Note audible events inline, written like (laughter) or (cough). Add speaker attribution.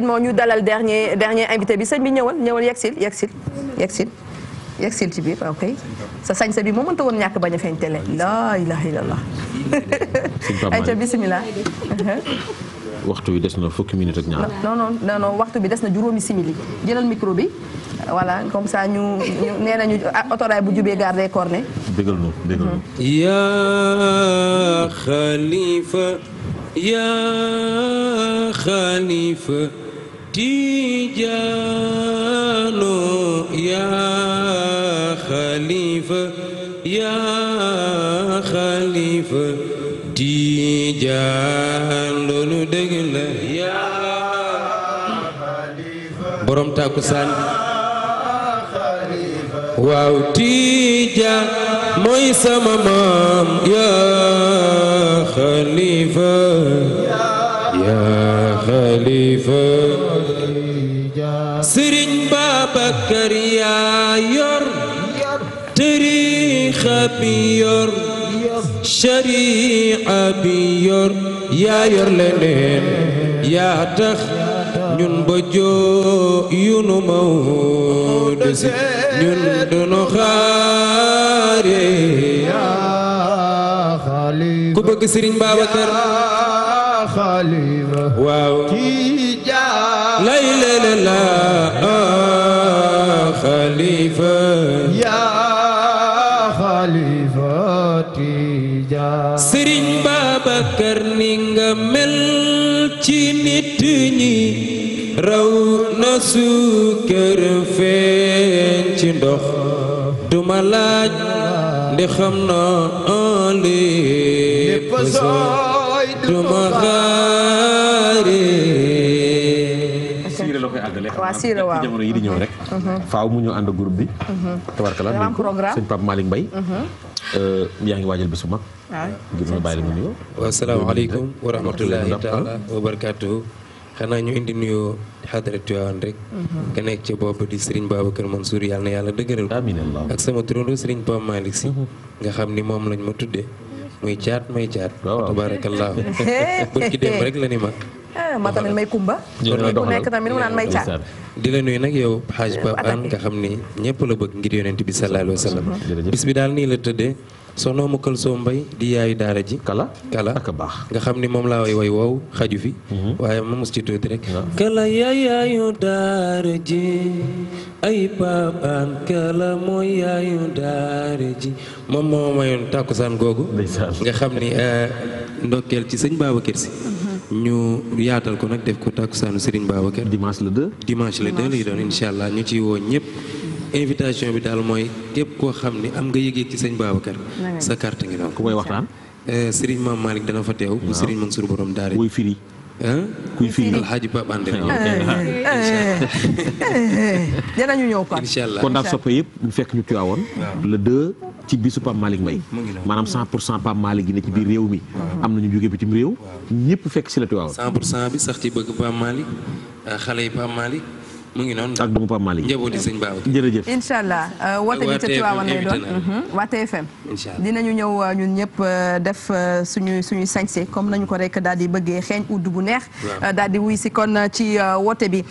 Speaker 1: rapidement ñu dalal dernier dernier bi sañ bi ñëwal ñëwal yegsil yegsil yegsil yegsil ci biir sa sañ bi moo mënta woon ñàkk bañ a feeñ télé laa ilaha illallah ay ca bisimilah waxtu bi des na fukki minute ñaar. non non waxtu bi des na juróomi simili jëlal micro bi voilà comme ça ñu ñu nee ah, bu jubee gare des Cornets. dëggal yaa xalifa yaa xalifa. tijaanu yaa xalifa yaa xalifa tijaan loolu dëgg la yaa borom tàkkusaan waaw tijaan mooy sama maam yaa xalifa yaa xalifa Sëriñ Babacar yaa yor tariixa bi yor shariixa bi yor yaa yor leneen yaa tax ñun bojjoo yu nu maw ñun du nu xaare ku bëgg Sëriñ Babacar xalifa waaw Tijaan lay xalifa ah, yaa xalifa Tijaan Sëriñ Babakar ni nga mel ci nit ñi raw na suukar feeñ ci ndox duma laaj ndi xam na ah, lépp siire la koy àggale waaw siire waaw mu ñëw ànd groupe bi tabarkala am programme sëñ mhm. euh, ngi waajal mu nuyoo waaw salaamaaleykum wa rahmatulahi taala wa barakaatuhu xanaa ñu indi nuyoo xadara Tiwaawan rek mhm. nga nekk ci mhm. ni moom lañ ma tuddee muy caat may caat. Oh, waaw tabaarakallaahu (laughs) ki dem rek la ma. Eh, ma tamit may kumba. ku nekk tamit mu naan may caat. di la nuyu nag yow xaaj Pape Hann nga xam ni ñëpp la bëgg ngir yonent bi sallallaahu alayhi wa bis bi daal nii la tëddee. soxna mu kël soo mbay di yaayu daara ji kala kala baax nga xam ni moom laa way woy woow xaju fi mhm. waaye moom mos ci tuuti rek kala yaayu daara ji ay papaam kala mooy yaayu daara ji moom moo mayoon tàkkusaan googu nga xam ni eh, ndokkeel ci sëñ Babacar Si mhm. ñu yaatal ko nag def ko tàkkusaanu Serigne Babacar dimanche le 2 dimanche le 2 lay doon incha allah ñu ci woo ñëpp invitation bi daal mooy képp koo xam ni am nga yëg ci sëñ Babacar. sa carte ngi noonu. ku may waxtaan. Eh, Serigne Mame Malick dana fa teew. bu Serigne Mansour borom daara. kuy firi. kuy firi alxaaji Pape André. (laughs) Eh, eh, dinañu ñëw kon. incha allah kon daal soppe yëpp ñu fekk ñu tuyaawoon. le deux ci bisu Pape Malick Mbaye. maanaam 100 pour cent Pape Malick yi ne ci biir réew mi. am na ñu jóge bitim réew. ñëpp fekk si la tuyaawoon. bi sax ci bëgg Pape Malick xale yi Pape Malick mu ngi noonu ak doomu Pape Malick njabooti sëñ Babacar jërëjëf incha allah uh, woote bi ca Tiwaawan lay doon waa dinañu ñëw uh, ñun ñëpp uh, def suñu suñu sañse comme nañu ko rek daal di bëggee xeeñ udd bu neex daal di wuy si kon ci woote bi